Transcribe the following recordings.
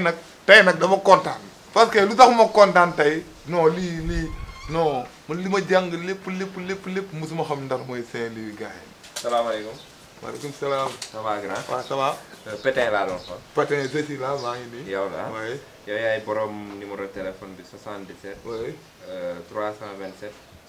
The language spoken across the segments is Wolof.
nag tey nag dama kontaan parce que lu tax ma kontaan tey non lii lii no man li ma jàng lépp lépp lépp lépp mosuma xam ndar mooy Saint-Louis gars yi. salaamaaleykum. maaleykum salaam. ça va grand. waaw euh, laa doon fa. Pétain Zeti laa maa ngi nii. yow la oui. yow yaay borom numéro téléphone bi 77. vingt 327.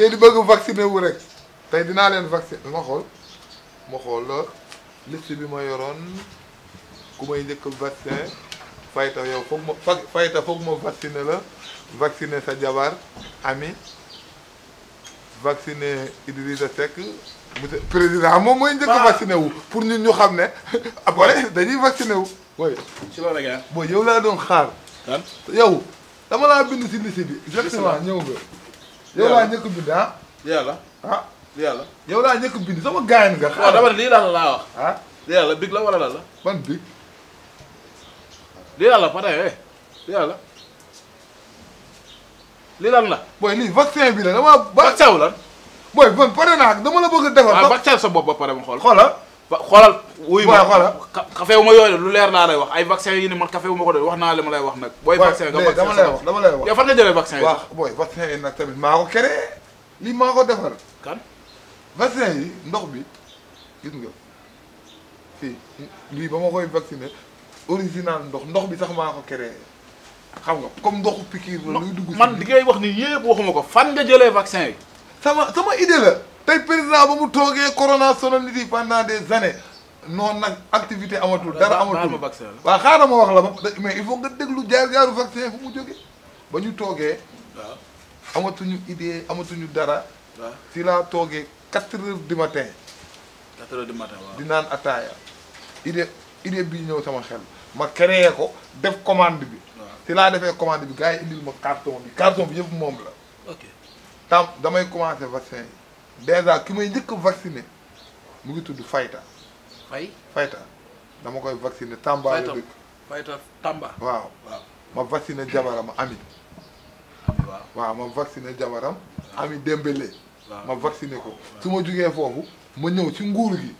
ngeen di bëgg vacciné wu rek vous vacciné la liste bi may vaccin fayta yow vaccin. fayta vacciner. la ami vacciné Idrissa Seck président vaccin. vacciné wu pour ñun ñu dañuy vacciné wu oui ci yow doon xaar yow dama liste bi pas, ñëw yow laa njëkk bind ah. yàlla ah. yàlla yow laa njëkk bind sama gaañ nga. xaaral dama ne lii daal laa wax. ah yàlla big la wala lan la. ban big. lii daal la Fatick eh? yàlla. lii lan la. booy lii vaccin bi la dama. vaccin wu lan. booy bon pare naa dama la bëgg a defar. waaw ah, vaccin sa bopp ba pare mu xool xoolal. xoolal wuy ma café wu ma yooy lu leer naa lay wax ay vaccin yi ni man café wu ma ko doon wax naa la ma lay wax nag booy vaccin nga dama lay wax dama lay wax yow fan nga jëlee vaccin yi waaw booy vaccin yi nag tamit maa ko créé lii maa ko defar kan vaccin yi ndox bi gis nga lii ba ma koy vacciné original ndox ndox bi sax maa ko créé xam nga comme ndoxu piqûre la luy dugg man li ngay wax ni yëpp waxuma ko fan nga jëlee vaccin yi sama sama tey président ba mu toogee corona sonal nit yi pendant des années noon nag activité amatul dara amatul waaw xaaral ma wax la ba mais il faut nga lu jaar jaaru vaccin fu mu jógee ba ñu toogee amatuñu idée amatuñu dara si laa toogee quatre heures du matin quatre di naan ataaya idée idée bi ñëw sama xel ma créé ko def commande bi si laa defee commande bi gars yi indil ma carton bi carton bi yëpp moom la ok damay commencé vaccin dèjà ki may njëkk vacciné mu ngi tudd Fayta. Fay Fayta dama koy vacciné Tamba la dëkk Fayta Tamba. waaw waaw ma vacciné jabaram Ami. Ami waaw waaw ma vacciné jabaram. ko su ma jugee foofu ma ñëw ci nguur gi.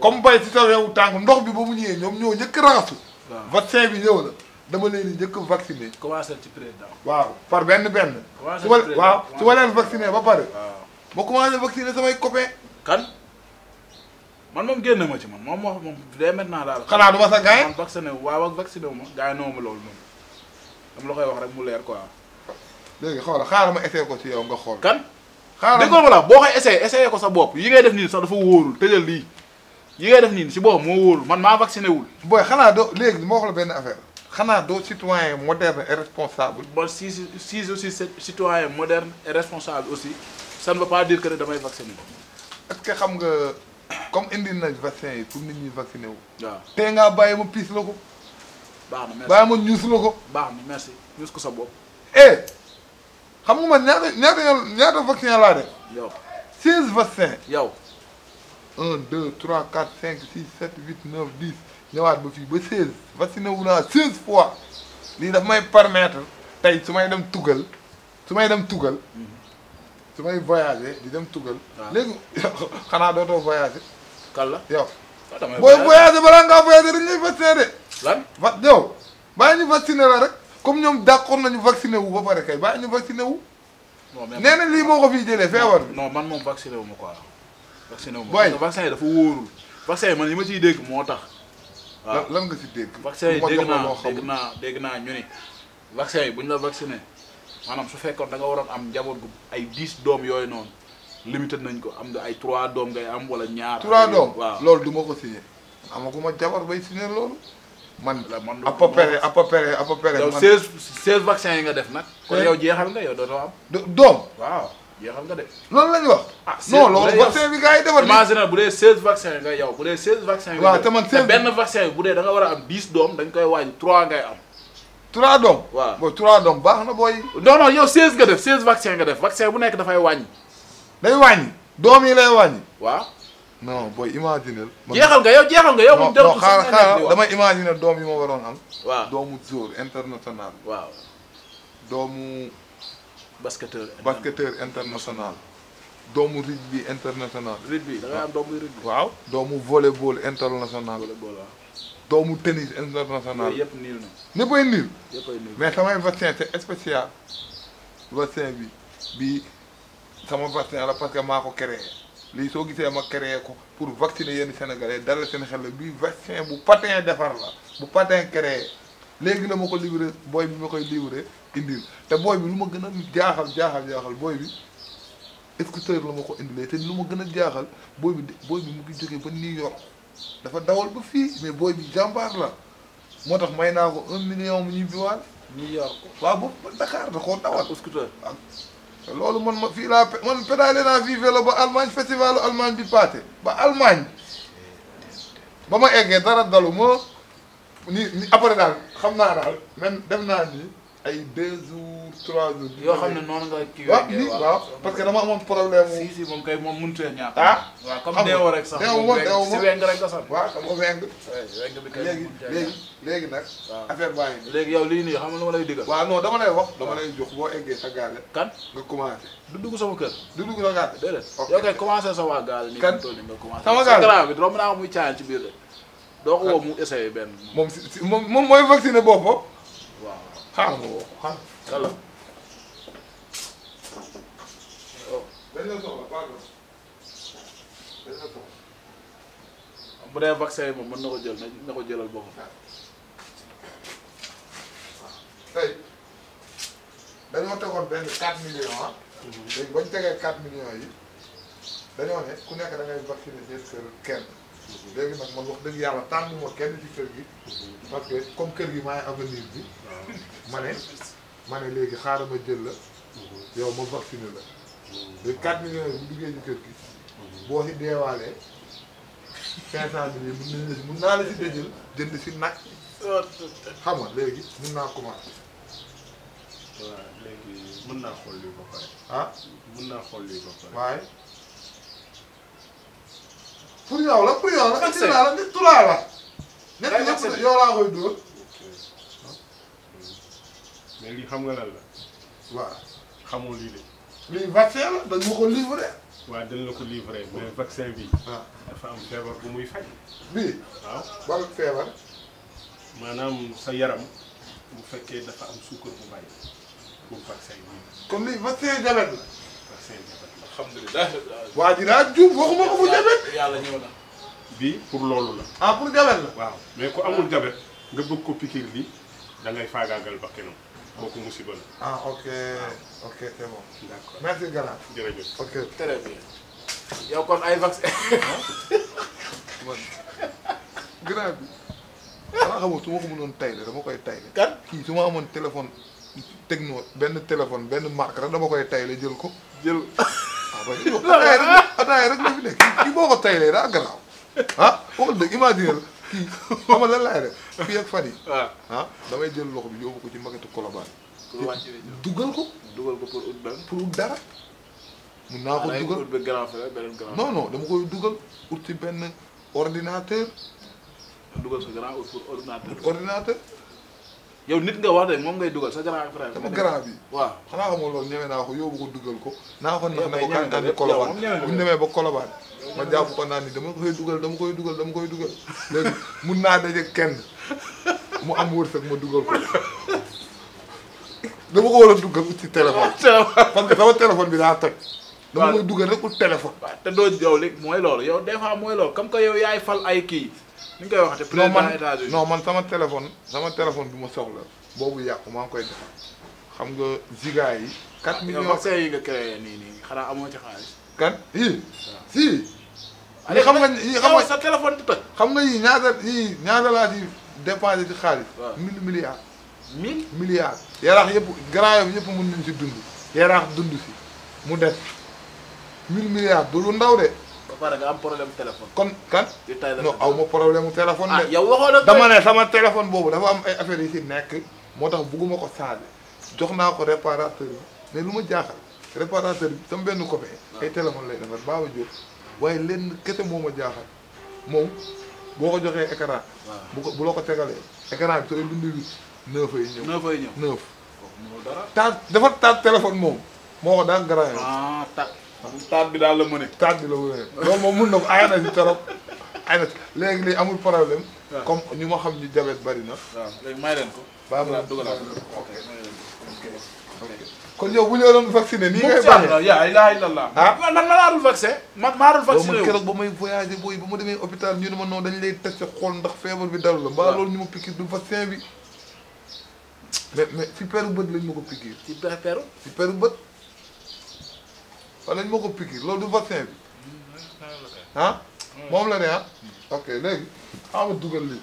comme bay si sa réewu tànk ndox bi ba mu ñëwee ñoom ñoo njëkk raxasu vaccin bi ñëw na dama leen di njëkk vacciné. commencé ci président. waaw par benn benn. su ma leen vacciné ba pare. ma commencé vacciner samay copains. kan man moom génn ma ci man moom wax moom dès maintenant daal. xanaa du ma sa gaay man vacciné wu waaw vacciné wu ma gaay noo ma loolu moom la koy wax rek mu leer quoi. léegi xoolal xaaral ma essayé ko ci yow nga xool. kan xaaral déggoo boo koy essayé essayé ko sa bopp yi ngay def nii sax dafa wóorul tëjal lii yi ngay def nii si bopp moo wóorul man maa vacciné wul. booy xanaa doo léegi moo xool benn affaire. xanaa doo citoyen moderne et responsable. bon si si si aussi citoyen moderne et responsable aussi. ça ne veut pas dire que ne damay vacciné est ce que xam nga comme indi na vaccin yi pour nit ñi vacciné wu. waaw tey ngaa bàyyi ma piis la ko. baax na merci bàyyi ma ñuus la ko. baax na merci ñuus ko sa bopp. Eh, xam nga man ñaata ñaata ñaata vaccin laa de yow seize vaccin. yow. un deux trois quatre cinq six sept huit neuf dix ñëwaat ba fii ba seize vacciné wu naa seize fois lii daf may permettre tey su may dem tugal su may dem tugal. Mhm. su may voyagé di dem tugal. waaw léegi xanaa dootoo voyagé. kan la yow. Ah, booy voyagé balaa ngaa voyagé dañ lay vacciné de. lan va yow bàyyi ñu vacciné la rek comme ñoom d'accord nañu vacciné wu ba pare kay bàyyi ñu vacciné wu. non mais nee na lii moo ko fiy jëlee feebar bi. non man moom vacciné wu ma quoi. vacciné wu ma parce yi dafa wóorul. vaccin yi man li ma ciy dégg moo tax. waaw lan nga si dégg. vaccin yi dégg naa dégg naa dégg naa ñu ni vaccin yi bu ñu la vacciné. maanaam su fekkoon danga waroon am njaboot gu ay dix doom yooyu noonu limité nañ ko am nga ay trois doom ngay am wala ñaar. trois doom waaw loolu du ma ko signé. amaguma jabar bay signé loolu. man man à peu près à peu près à peu près. man yow seize seize vaccin yi nga def nag. kon eh? yow jeexal nga yow dootoo am. doom waaw jeexal nga def. loolu la ñu wax. ah non loolu vaccin bi gars defar. imagine bu dee seize vaccin nga yow bu dee seize vaccin. waaw te man seize benn vaccin bi bu dee da nga a am dix dañ koy wàññi trois ngay am. trois doom. waaw booy trois doom baax na booy. non non yow seize nga def seize vaccin nga def vaccin bu nekk dafay wàññi. day wàññi doom yi lay wàññi. waaw. non booy imaginer. jeexal nga yow jeexal nga yow. moom dem non xaaral xaaral damay imaginer doom yi ma waroon am. waaw doomu jour international. waaw doomu. basketteur basketteur international. doomu rugby international. rugby da ngay am doomu rugby. waaw doomu volleyball international. volleyball waaw. doomu tennis international. yëpp niil na. ñëppay niil. ñëppay niil mais samay vaccin c'est spécial. vaccin bi bi sama vaccin la parce que maa ko créé lii soo gisee ma créé ko pour vacciner yenn Sénégalais dara seen xel la bii vaccin bu patin defar la bu patin créé léegi la ma ko livré booy bi ma koy livré indil te booy bi lu ma gën a jaaxal jaaxal jaaxal booy bi écouteur la ma ko indilee te lu ma gën a jaaxal booy bi booy bi mu ngi jógee ba New York. dafa dawal ba fii mais booy bi jàmbaar la moo tax may naa ko un million mu ñibbiwaat. ñu yor ko waaw boobu ba Dakar da koo dawal. ak scooter loolu man ma fii laa man pédalé naa fii vélo ba Allemagne festival Allemagne bi paate ba Allemagne ba ma eggee dara dalu ma ni ni après daal xam naa daal même def naa nii. ay deux jours trois yoo xam ne noonu nga kii. waaw waaw parce que dama amoon problème mu. si si moom kay moom mënut a ñàkk. ah waaw comme deewoo rek si weng rek nga sax. waaw xam weng. léegi léegi léegi nag. affaire baa ngi léegi yow lii nii xam nga lu ma lay digal. waaw non dama lay wax. dama lay jox boo eggee sa gaale. kan nga commencé. du dugg sama kër. du dugg sama gaale. déedéet yow kay commencé sa waa gaale. kan sama gaale sa bi romb a muy caayaan ci biir de. doo ko ah. mu essayé moom mooy vacciné boppam 한국 한 달라 bu dee vaccin yi moom mën na ko jël na ko jëlal boppam tey dañoo tegoon benn 4 millions ah mhm. léegi bañ tegee 4 millions yi dañoo ne ku nekk da ngay vacciner seen kër kenn léegi nag man wax dëgg yàlla tànn ma kenn ci kër gi parce que comme kër gi maay avenir bi ma ne ma ne léegi xaaral ma jël la yow ma vacciné la léegi 4 millions yi bu duggee ci kër gi boo si deewaalee cinq cent mille yi mun nañ mun naa la si dëjël jënd si nag xam nga léegi mun naa commencé waaw léegi mën naa xool lii ba pare ah mën naa xool lii ba pare waaye pour yow la pour yow la. parce que dinaa la nit turaa la. nekk ñëpp xam nga lan la. waaw xamoo lii de. lii vaccin la dañ ma ko livré. waaw dañ la ko livré mais vaccin bi. dafa am feebar bu muy faj. bii waaw feebar. maanaam sa yaram bu fekkee dafa am suukar bu bari pour vaccin bi. kon lii vaccin jabet la. alhamdulilah. waa ji daal juum waxuma ko bu jabet. yàlla ñëw na. bii pour loolu la. ah pour jabet la. waaw mais ku amul jabet nga bëgg ko pikiir lii da ngay faagaagal ba kenam kooku musiba la. ah ok ok c'est bon. d'accord merci Galaat. jërëjëf ok très bien. yow kon ay vaccin. man grand bi. xanaa xamoo su ma ko mënoon tayle dama koy tayle. kan kii su ma amoon téléphone techno benn téléphone benn marque rek dama koy tayle jël ko jël. ataaya rek ataaya rek la fi nekk kii boo ko taylee daa garaaw ah waxal dëgg imaginer la kii xam nga lan laay def fan yi ah. ah, damay jël loxo bi yóbbu ko ci maketu Colobane dugal ko dugal ko pour ut benn pour dara mun naa ko ah, dugal ut grand frère beneen dama koy dugal ut ci benn ordinateur dugal sa grand ut ordinateur yow nit nga wax de moom ngay dugal sa grand frère. sama grand bi waaw. xanaa xamul loolu ñeme naa ko yóbbu ko dugal ko. naa ko neex ne ko kañ kañ kolobaan bu ñu demee ba kolobaan. ma jàpp ko naan ni dama koy dugal dama koy dugal dama koy dugal léegi mun naa daje kenn mu am wërsëg ma dugal ko. dama ko war a dugal ci téléphone. parce que sama téléphone bi daa toj. dama koy dugal rek ut téléphone. te doo yow léegi mooy loolu yow des fois mooy loolu comme que yow yaay fal ay kii. ni nga koy waxatee président États-Unis non man sama téléphone sama téléphone bi ma soxla boobu yàqu maa ngi koy defar xam nga ziga yi. 4 ah, millions yi nii nii xanaa amoo ci xaalis. kan ah. Ah, xam nga yi xam nga sa téléphone di toj. xam nga yii ñaata yii ñaata laa dépensé ci xaalis. waaw milliards. yaraax yëpp grand yow yëpp mën nañ si dund. yaraax dund si mu def mille milliards du lu ndaw de. ba pare nga téléphone. kon kan. yu tay ma problème mu téléphone. ah yow waxoon dama ne sama téléphone boobu dafa am ay affaires yi ci nekk. moo tax bugguma ko changé jox naa ko réparateur bi mais lu ma jaaxal réparateur bi sama benn copain. Ah. ay téléphone lay defar Baba Diop. waaye lenn kese moo ma jaaxal moom boo ko joxee écran. Ah. bu ko bu la ko tegalee. écran bi sooy bind huit neuf ay ñëw. neuf ay dafa taat téléphone moom moo ko daan garaaw. ah taat bi daal la mëne taat bi la mëne loolu moom mun na ko ay na si trop ay na léegi léegi amul problème comme ñu ma xam ñu jabet bari na waaw léegi may leen ko baa ma dugal kon yow bu ñu doon vacciné nii ngay bàyyi yaa ilaha illallah ah man man laa dul vacciné man maa dul vacciné man keroog ba may voyagé booy ba ma demee hôpital ñu ne ma non dañ lay testé xool ndax feebar bi dalu la mbaa loolu ñu ma piqué du vaccin bi mais mais ci peru bët lañ ma ko piqué ci peru ci peru bët wala ñu ma ko piqué loolu du vaccin bi ah moom la ne ah ok léegi xaaral ma dugal lii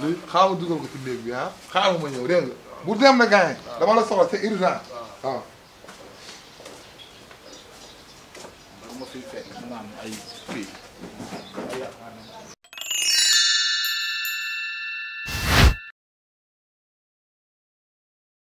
lii xaaral ma dugal ko ci néeg bi ah xaaral ma ñëw dégg bu dem na gaañ la ah. ma fiy fekk mu naan ay fii